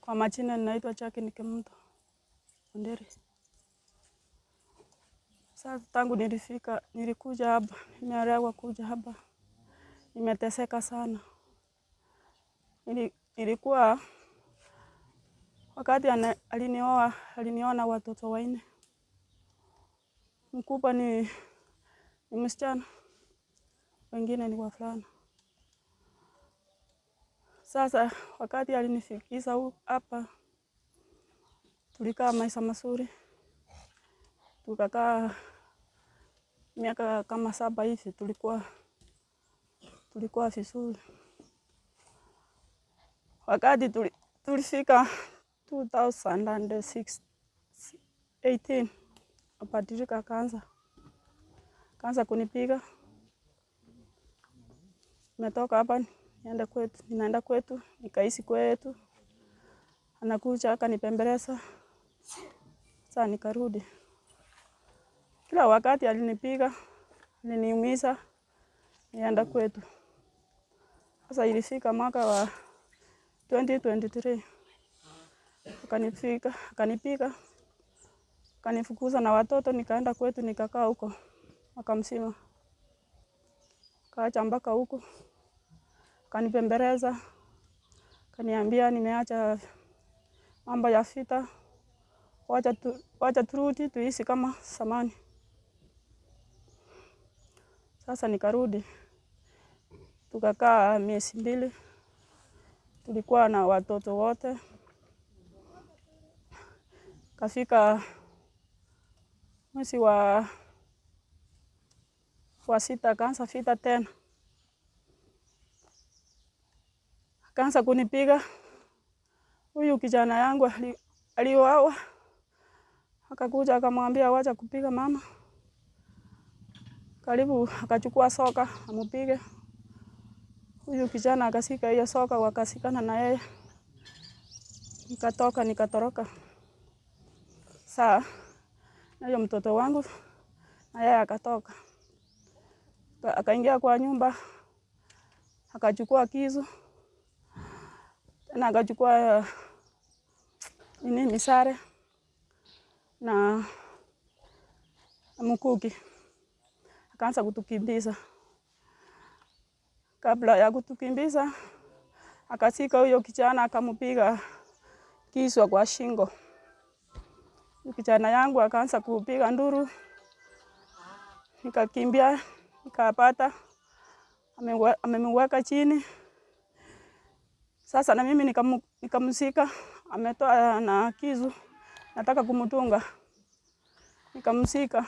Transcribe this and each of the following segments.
Kwa majina ninaitwa Chaki Nikimto Onderi. Sasa tangu nilifika nilikuja hapa, nimearewa kuja hapa, nimeteseka sana. Nilikuwa wakati alinioa, aliniona watoto waine mkubwa ni, ni msichana, wengine ni wavulana. Sasa wakati alinifikisha hapa, tulikaa maisha mazuri, tukakaa miaka kama saba hivi, tulikuwa tulikuwa vizuri. Wakati tulifika 2018 Akapatirika kanza kanza kunipiga, natoka hapa nienda kwetu, ninaenda kwetu, nikaishi kwetu. Anakuja akanipembeleza, sasa nikarudi. Kila wakati alinipiga, aliniumiza, nienda kwetu. Sasa ilifika mwaka wa 2023 akanifika akanipiga kanifukuza na watoto, nikaenda kwetu, nikakaa huko akamsima kaacha mpaka huko, kanipembeleza, kaniambia nimeacha mambo ya vita, wacha tu, wacha turudi tuishi kama samani. Sasa nikarudi tukakaa miezi mbili, tulikuwa na watoto wote, kafika mwezi wa, wa sita akaanza vita tena, akaanza kunipiga. Huyu kijana yangu aliuawa, akakuja akamwambia wacha kupiga mama, karibu akachukua soka amupige huyu kijana, akasika hiyo soka, wakasikana na yeye, nikatoka nikatoroka saa huyo mtoto wangu, na yeye akatoka akaingia kwa nyumba akachukua kisu tena akachukua nini misare na mkuki akaanza kutukimbiza. Kabla ya kutukimbiza, akasika huyo kijana akampiga kisu kwa shingo kijana yangu akaanza kupiga nduru, nikakimbia nikapata amemweka chini. Sasa na mimi nikamsika, ametoa na kizu nataka kumtunga, nikamsika,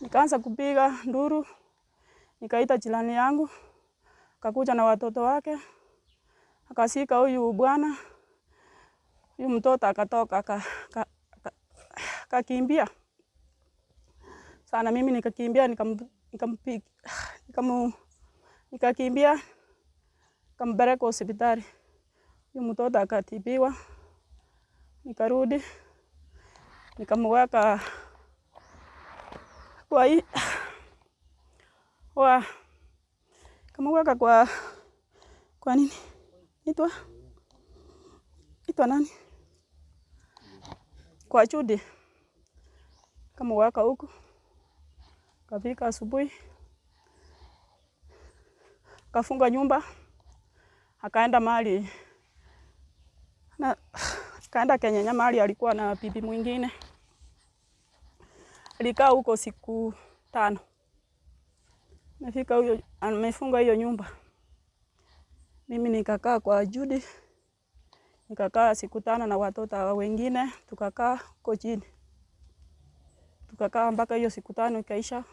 nikaanza kupiga nduru, nikaita jirani yangu, akakuja na watoto wake, akasika huyu bwana, huyu mtoto akatoka kakimbia sana, mimi nikakimbia nikampiga nikam, nikakimbia nikampeleka hospitali, huyu mtoto akatibiwa, nikarudi nikamweka kwa hii wa kamweka kwa kwa nini itwa itwa nani kwa chudi kama waka huku kafika asubuhi, kafunga nyumba, akaenda mali na kaenda Kenyenya mali, alikuwa na bibi mwingine. Alikaa huko siku tano, Nafika huyo, amefunga hiyo nyumba. Mimi nikakaa kwa Judy, nikakaa siku tano na watoto wengine, tukakaa huko chini tukakaa mpaka hiyo siku tano ikaisha,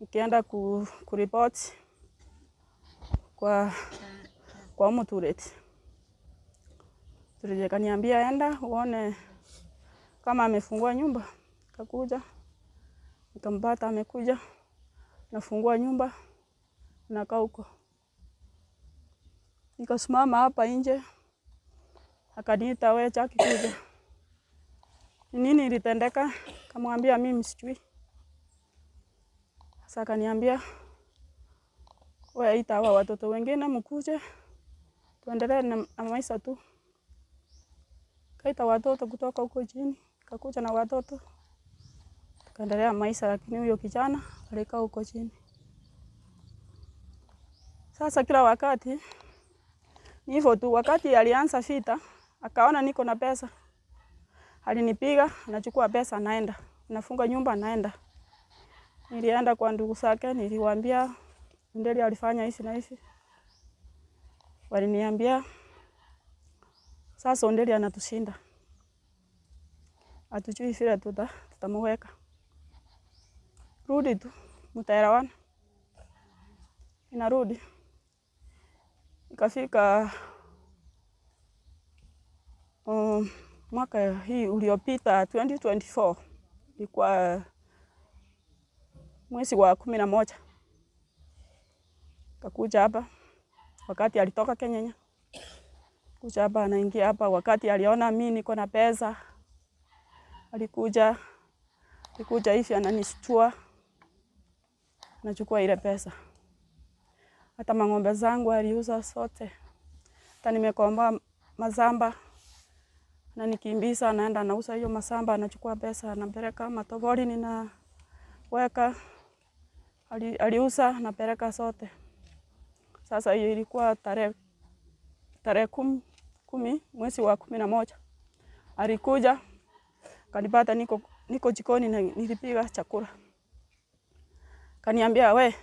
nikaenda ku, ku report kwa kwa Mutuleti. Turije kaniambia enda uone kama amefungua nyumba. Kakuja nikampata amekuja nafungua nyumba nakaa huko, nikasimama hapa nje, akaniita wewe chaki kuja nini ilitendeka, kamwambia mimi msijui. Sasa kaniambia wewe, hawa watoto wengine mkuje tuendelee na maisha tu. Kaita watoto kutoka huko chini, kakuja na watoto tukaendelea maisha, lakini huyo kijana alikaa huko chini. Sasa kila wakati ni hivyo tu, wakati alianza vita akaona niko na pesa alinipiga, anachukua pesa anaenda, nafunga nyumba anaenda. Nilienda kwa ndugu zake, niliwaambia Ndeli alifanya hisi na hisi, waliniambia sasa ndeli anatushinda, atujui vile tuta tutamuweka, rudi tu mtaelewana. Inarudi ikafika um, mwaka hii uliopita 2024 ni kwa mwezi wa kumi na moja kakuja hapa, wakati alitoka Kenya kuja hapa, anaingia hapa wakati aliona mimi niko na pesa, alikuja alikuja hivi ananishtua, nachukua ile pesa. Hata mang'ombe zangu aliuza sote, hata nimekomba mazamba na nikimbiza, naenda nauza hiyo masamba, anachukua pesa anapeleka nina weka aliuza, napeleka sote. Sasa hiyo ilikuwa tarehe tarehe kumi, kumi mwezi wa kumi na moja alikuja kanipata niko, niko jikoni na nilipiga chakula, kaniambia we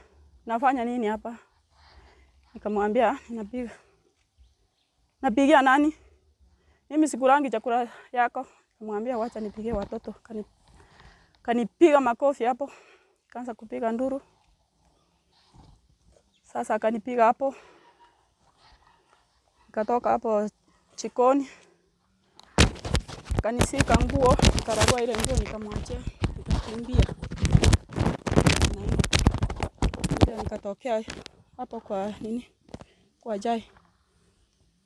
nafanya nini hapa? Nikamwambia napiga napigia nani mimi sikulangi chakula yako. Namwambia wacha nipige watoto. Kani, kanipiga makofi hapo. Kaanza kupiga nduru. Sasa kanipiga hapo. Nikatoka hapo chikoni. Kanisika nguo, karagua ile nguo nikamwachia, nikakimbia. Ndio nikatokea hapo kwa nini? Kwa jai.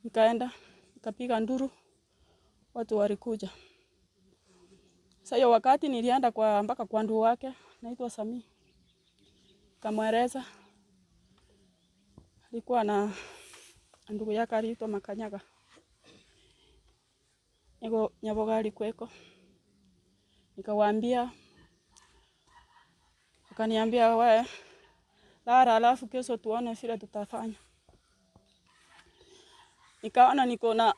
Nikaenda, nikapiga nduru watu walikuja. Sasa wakati nilienda kwa mpaka kwa ndugu wake naitwa Sami, kamweleza alikuwa na ndugu yake aliitwa Makanyaga niko nyavoga alikweko, nikawaambia akaniambia, we lara, alafu kesho tuone vile tutafanya. Nikaona niko na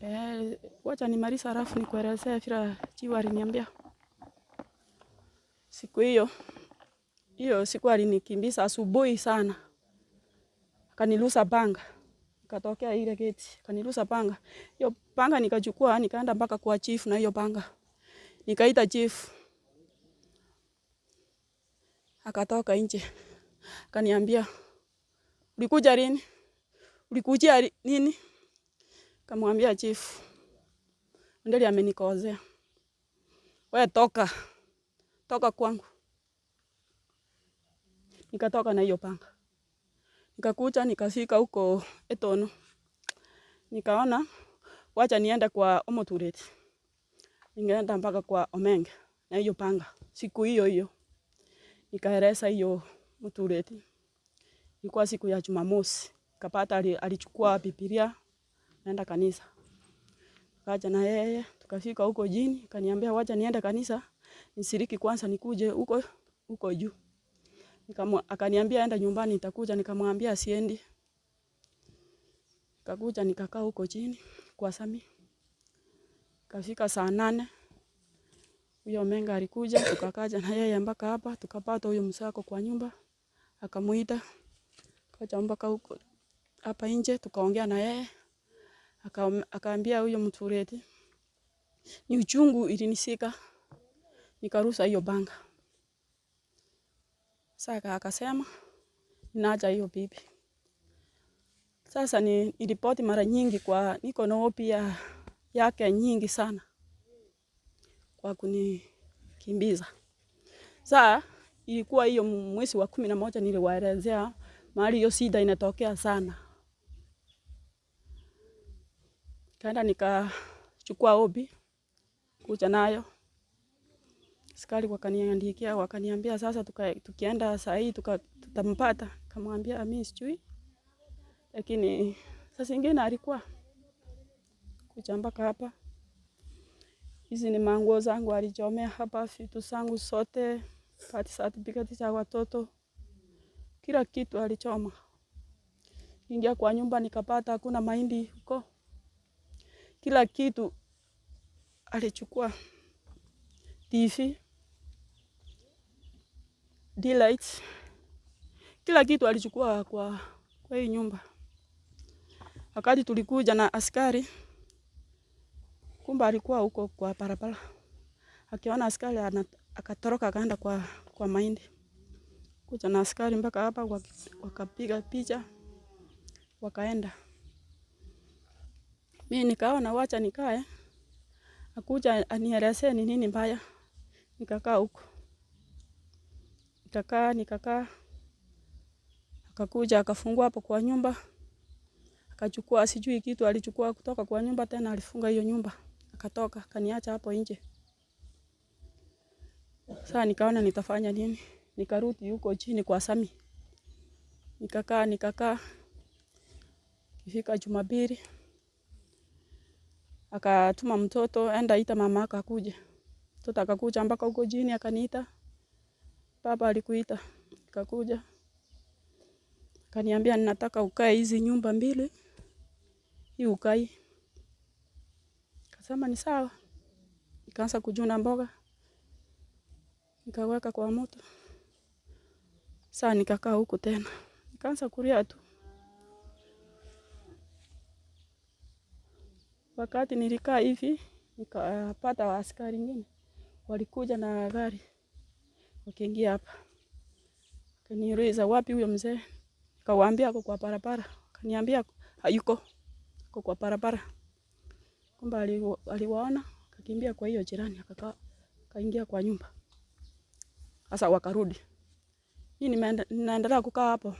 Eh, wacha nimalisa halafu nikuelezea vile Chiu aliniambia siku hiyo. Hiyo siku alinikimbisa asubuhi sana, akanilusa panga, nikatokea ile geti, akanilusa panga. Hiyo panga nikachukua nikaenda mpaka kwa chief, na hiyo panga nikaita chief, akatoka nje, akaniambia ulikuja lini? Ulikujia nini? Kamwambia chifu, Ndeli amenikozea, we toka toka kwangu. Nikatoka na hiyo panga, nikakucha, nikafika huko Etono, nikaona wacha niende kwa Omoturete, ningeenda mpaka kwa Omenge na hiyo panga. Siku hiyo hiyo nikaeresa hiyo Muturete, ilikuwa siku ya Jumamosi, kapata alichukua Bibilia naenda kanisa. Kaja na yeye tukafika huko jini, kaniambia wacha niende kanisa nisiriki kwanza nikuje huko huko juu. Nikamu, akaniambia aenda nyumbani nitakuja, nikamwambia siendi. Kakuja nikakaa huko chini kwa Sami. Kafika saa nane huyo menga alikuja, tukakaja na yeye mpaka hapa, tukapata huyo msako kwa nyumba, akamuita kaja mpaka huko hapa nje, tukaongea na yeye akaambia huyo mtu redi, ni uchungu ilinisika, nikarusa hiyo banga. Saka akasema ninaja hiyo bibi. Sasa ni nilipoti mara nyingi kwa niko na pia yake nyingi sana kwa kunikimbiza. Sasa ilikuwa hiyo mwezi wa kumi na moja niliwaelezea mahali hiyo sida inatokea sana. Kaenda nikachukua obi kuja nayo askari wakaniandikia, wakaniambia sasa tuka, tukienda saa hii tutampata. Kamwambia mimi sijui, lakini sasa ingine alikuwa kuja mpaka hapa. Hizi ni manguo zangu alichomea hapa, vitu zangu sote pati certificate za watoto, kila kitu alichoma. Ingia kwa nyumba nikapata hakuna mahindi huko kila kitu alichukua, TV, delights, kila kitu alichukua kwa, kwa hii nyumba. Wakati tulikuja na askari, kumbe alikuwa huko kwa barabara, akiona askari akatoroka, akaenda kwa, kwa mahindi kuja na askari mpaka hapa, wakapiga picha wakaenda mimi nikaona wacha nikae akuja anielezee ni nini mbaya. Nikakaa huko, nikakaa nikakaa, akakuja akafungua hapo kwa nyumba, akachukua sijui kitu alichukua kutoka kwa nyumba, tena alifunga hiyo nyumba akatoka, akaniacha hapo nje. Sasa nikaona nitafanya nini, nikarudi huko chini kwa Sami, nikakaa nikakaa, kifika Jumapili akatuma mtoto, enda ita mama akakuja Mtoto akakuja mpaka huko jini, akaniita baba alikuita, akakuja akaniambia, ninataka ukae hizi nyumba mbili, hii ukai. Kasema ni sawa, nikaanza kujuna mboga nikaweka kwa moto. Saa nikakaa huku tena, nikaanza kulia tu. Wakati nilikaa hivi nikapata askari ngine walikuja na gari wakiingia hapa, kaniuliza wapi huyo mzee, kawaambia ako kwa barabara. Kaniambia hayuko, ako kwa barabara, kwamba aliwaona kakimbia kwa hiyo jirani, akakaa kaingia kwa nyumba. Sasa wakarudi, mimi ninaendelea kukaa hapo,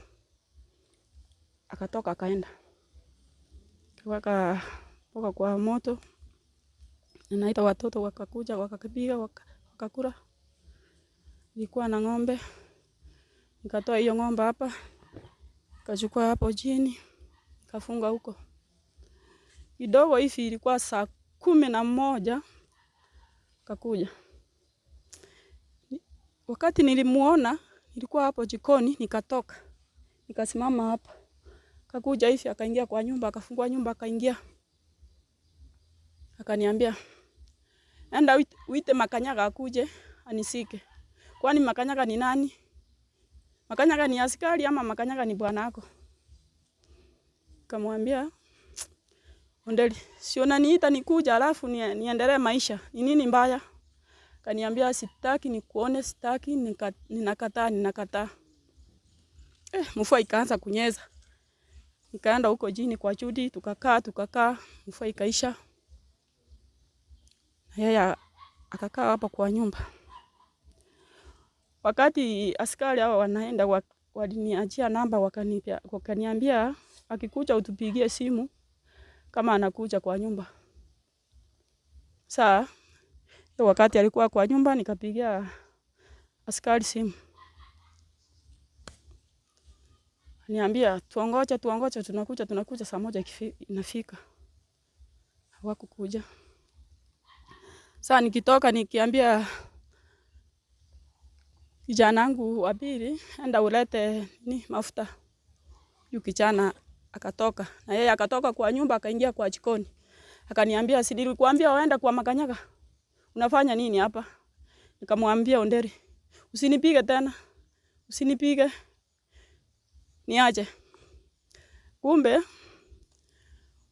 akatoka akaenda kiwaka toka kwa moto, naita watoto wakakuja, wakakipiga, wakakula. Nilikuwa na ng'ombe, nikatoa hiyo ng'ombe hapa, nikachukua hapo chini, nikafunga huko kidogo hivi. Ilikuwa saa kumi na moja kakuja. Wakati nilimuona nilikuwa hapo jikoni, nikatoka nikasimama hapa, kakuja hivi, akaingia kwa nyumba, akafungua nyumba, akaingia akaniambia enda uite Makanyaga akuje anisike. Kwani Makanyaga ni nani? Makanyaga ni askari ama Makanyaga ni bwanako? Kamwambia Ondeli, si unaniita nikuja alafu niendelee maisha. Ni nini mbaya? Kaniambia sitaki nikuone, sitaki nika, ninakataa, ninakataa. Eh, mvua ikaanza kunyeza, Nikaenda huko jini kwa Judi, tukakaa tukakaa, mvua ikaisha yeye akakaa hapa kwa nyumba. Wakati askari hao wanaenda, waliniachia namba, wakaniambia wakaniambia, akikuja utupigie simu kama anakuja kwa nyumba. Saa wakati alikuwa kwa nyumba, nikapigia askari simu, niambia tuongoche, tuongoche, tunakuja, tunakuja. Saa moja inafika, hawakukuja. Sasa nikitoka nikiambia kijana wangu wa pili, enda ulete ni mafuta. Yule kijana akatoka na yeye akatoka kwa nyumba akaingia kwa jikoni. Akaniambia, si nilikuambia waenda kwa makanyaga? Unafanya nini hapa? Nikamwambia Onderi, usinipige tena. Usinipige. Niache. Kumbe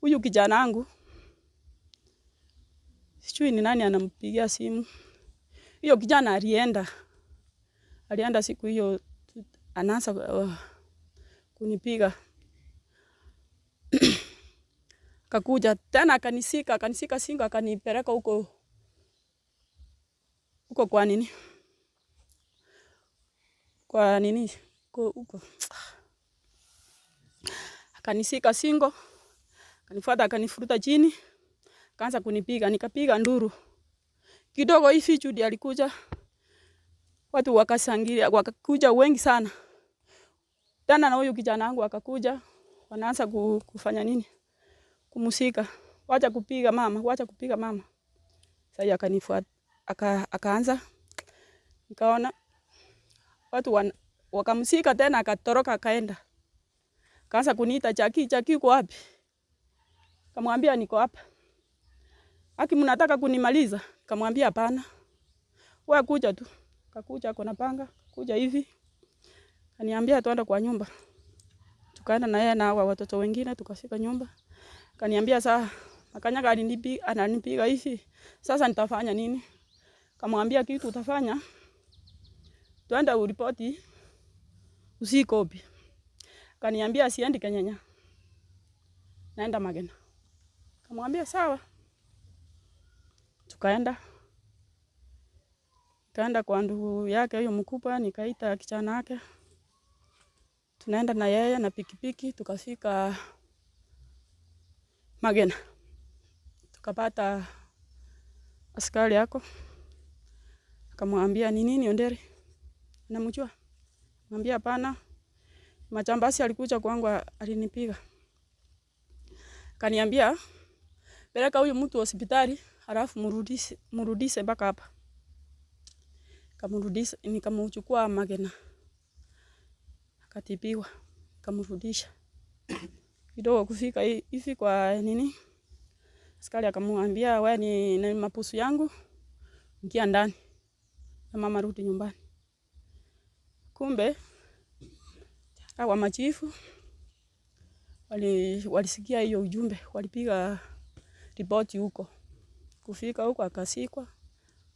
huyu kijana wangu Sijui ni nani anampigia simu. Hiyo kijana alienda. Alienda siku hiyo anaanza uh, kunipiga. Kakuja tena akanisika, akanisika singo akanipeleka huko huko kwa nini? Kwa nini? Kwa huko. Akanisika singo. Akanifuata akanifuruta chini kaanza kunipiga, nikapiga nduru kidogo hivi. Judy alikuja, watu wakasangilia, wakakuja wengi sana tena, na huyu kijana wangu akakuja, wanaanza kufanya nini, kumusika, wacha kupiga mama, wacha kupiga mama. Sasa akanifuata aka, akaanza nikaona watu wan, wakamsika tena, akatoroka akaenda, kaanza kuniita Chaki, Chaki uko wapi? Kamwambia niko hapa. Aki, mnataka kunimaliza? Kamwambia hapana, wewe kuja tu. Kakuja ako panga, kuja hivi. Kaniambia tuenda kwa nyumba. Tukaenda na yeye na hawa watoto wengine tukafika nyumba. Kaniambia saa akanyaga alinipi ananipiga hivi. Sasa nitafanya nini? Kamwambia kitu utafanya. Tuenda uripoti usikopi. Kaniambia siendi Kenya. Naenda Magena. Kamwambia sawa tukaenda kaenda kwa ndugu yake huyo mkubwa, nikaita kijana yake, tunaenda na yeye na pikipiki, tukafika Magena, tukapata askari yako, akamwambia ni nini Onderi, namjua? Mwambia hapana, machambasi alikuja kwangu, alinipiga, kaniambia peleka huyu mtu hospitali halafu murudise, murudise mpaka hapa. Kamurudisha, nikamuchukua Magena akatibiwa, kamurudisha kidogo kufika hivi kwa nini, askari akamwambia wewe ni, ni mapusu yangu, ingia ndani na mama rudi nyumbani. Kumbe hawa machifu walisikia wali hiyo ujumbe, walipiga ripoti huko Kufika huko akasikwa,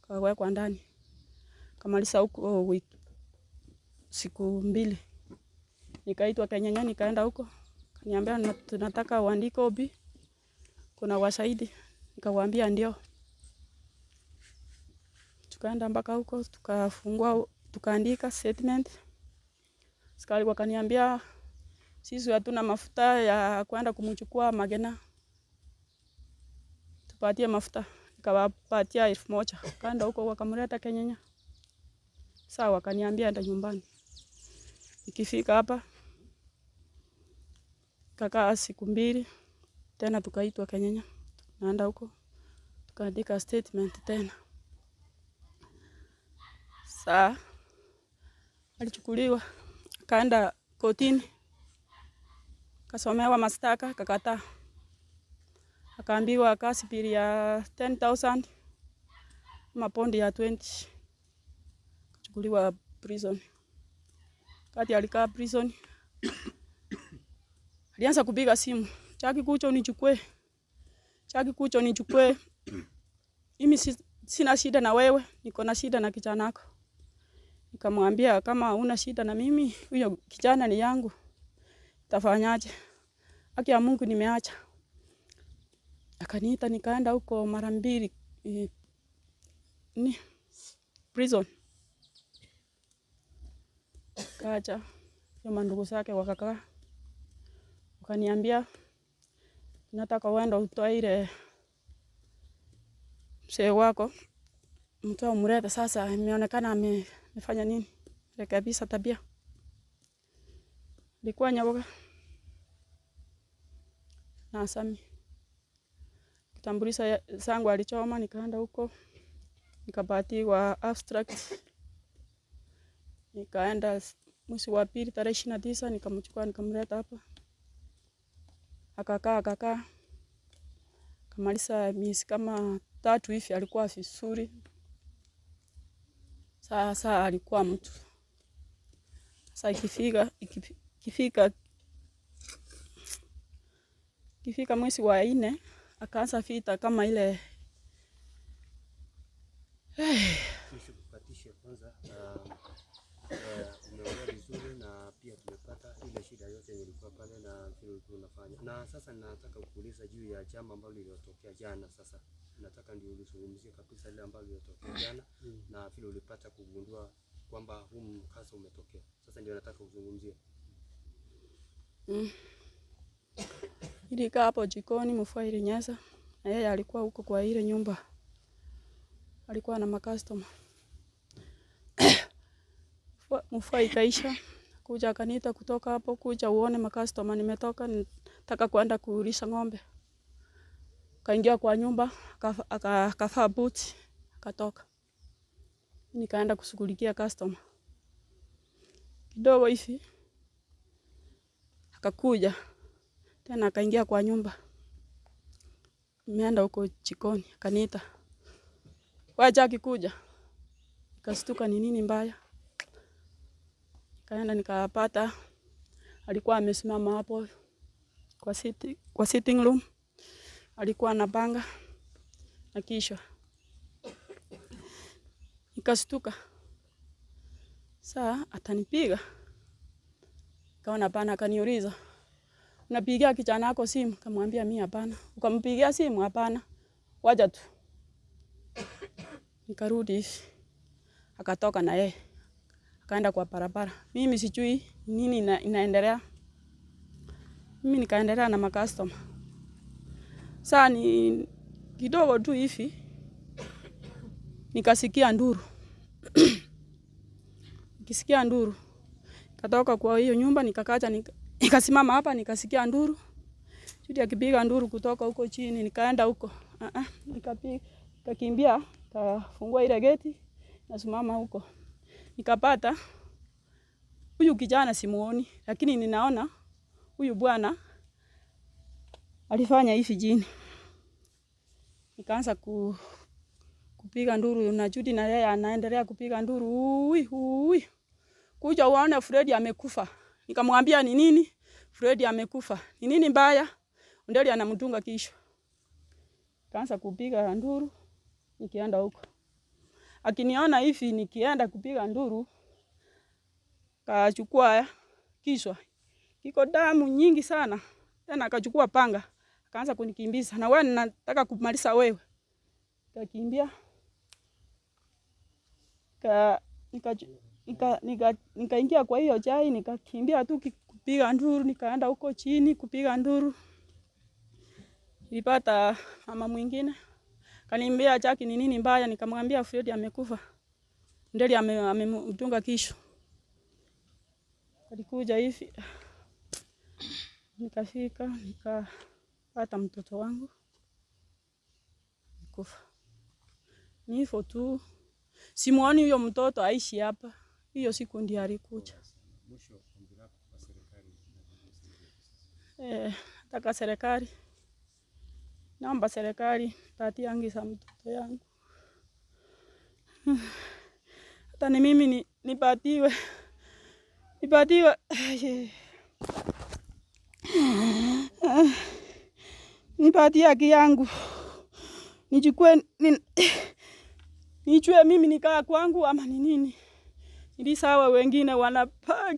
kawekwa ndani, kamaliza huko oh, siku mbili, nikaitwa kenyanya nikaenda huko, kaniambia tunataka uandike obi kuna washahidi. Nikawaambia ndio, tukaenda mpaka huko, tukafungua, tukaandika statement. Askari wakaniambia sisi hatuna mafuta ya kwenda kumchukua Magena, tupatie mafuta nikawapatia elfu moja kanda huko, wakamleta Kenyenya. Saa wakaniambia enda nyumbani. Ikifika hapa kakaa siku mbili tena, tukaitwa Kenyenya, naenda huko tukaandika statement tena. Saa alichukuliwa kaenda kotini, kasomewa mashtaka, kakataa akaambiwa kasi bili ya 10000 mapondi ya 20 kachukuliwa prison. Kati alikaa prison alianza kupiga simu, chaki kucho nichukue, chaki kucho nichukue, mimi sina shida na wewe, niko na shida na kijana wako. Nikamwambia kama una shida na mimi, huyo kijana ni yangu, tafanyaje? Haki ya Mungu nimeacha akaniita nikaenda huko mara mbili eh, ni prison kacha hiyo, mandugu zake wakakaa wakaniambia, nataka uende utwaire ile wako mtu amurete Sasa imeonekana amefanya nini, rekebisha tabia. Likuwa Nyaboka na kitambulisho sangu alichoma, nikaenda huko nikapatiwa abstract, nikaenda mwezi wa pili tarehe ishirini na tisa nikamchukua nikamleta hapa, akakaa akakaa, kamaliza miezi kama tatu hivi, alikuwa vizuri. Sasa alikuwa mtu sasa, ikifika ikifika ikifika mwezi wa nne akaanza vita kama ile hey. Kwanza eh, umeongea vizuri na pia tumepata ile shida yote ilikuwa pale na vile ulikuwa unafanya, na sasa nataka kuuliza juu ya jambo ambalo lilotokea jana. Sasa nataka ndio ulizungumzie kabisa ile ambalo lilotokea jana na vile ulipata kugundua kwamba huu mkasa umetokea, sasa ndio nataka uzungumzie mm. Ilikaa hapo jikoni, ile nyasa, na yeye alikuwa huko kwa ile nyumba, alikuwa na makastoma mfua ikaisha, kuja akaniita kutoka hapo, kuja uone makastoma, nimetoka nataka kwenda kuulisha ng'ombe. Kaingia kwa nyumba akavaa buti akatoka, nikaenda kushughulikia customer kidogo hivi, akakuja tena akaingia kwa nyumba, nimeenda huko chikoni, akaniita wacha akikuja. kuja. Nikastuka ni nini mbaya, nikaenda nikapata alikuwa amesimama hapo kwa, siti, kwa sitting room alikuwa anapanga na kisha nikastuka, saa atanipiga, kaona pana, akaniuliza Unapigia kijana yako simu, kamwambia mimi hapana. Ukampigia simu hapana. Waja tu. Nikarudi hivi. Akatoka na yeye. Akaenda kwa barabara. Mimi sijui nini ina, inaendelea. Mimi nikaendelea na makastoma. Saa ni kidogo tu hivi nikasikia nduru. Nikisikia nduru. Katoka kwa hiyo nyumba nikakaja nika Nikasimama hapa nikasikia nduru. chuti akipiga nduru kutoka huko chini, nikaenda huko. Ah uh ah, -uh. Nikapiga nikakimbia, kafungua ile geti, nasimama huko. Nikapata huyu kijana simuoni, lakini ninaona huyu bwana alifanya hivi jini. Nikaanza ku, kupiga nduru na chuti, na yeye anaendelea kupiga nduru. Ui ui. Kuja uone Fredi amekufa. Nikamwambia ni nini? Fred amekufa. Ni nini mbaya? Ndeli anamtunga kisho. Kaanza kupiga nduru nikienda huko. Akiniona hivi nikienda kupiga nduru kachukua kiswa Kiko damu nyingi sana. Tena akachukua panga. Kaanza kunikimbiza na wewe nataka kumaliza wewe. Kakimbia. Ka, nika, Nikaingia nika, nika kwa hiyo chai nikakimbia tu kupiga nduru, nikaenda huko chini kupiga nduru. nipata mama mwingine kaniambia, chaki ni nini mbaya? Nikamwambia Fred amekufa, ndeli amemtunga ame kisho. Alikuja hivi, nikafika nikapata mtoto wangu kufa. Ni tu, simuoni huyo mtoto aishi hapa hiyo siku ndio alikuja. Eh, nataka serikali, naomba serikali tatiangi za mtoto yangu hata ni mimi ni, nipatiwe nipatiwe nipatie haki yangu, nichukue nichue mimi nikaa kwangu ama ni nini? ili sawa, wengine wanapaa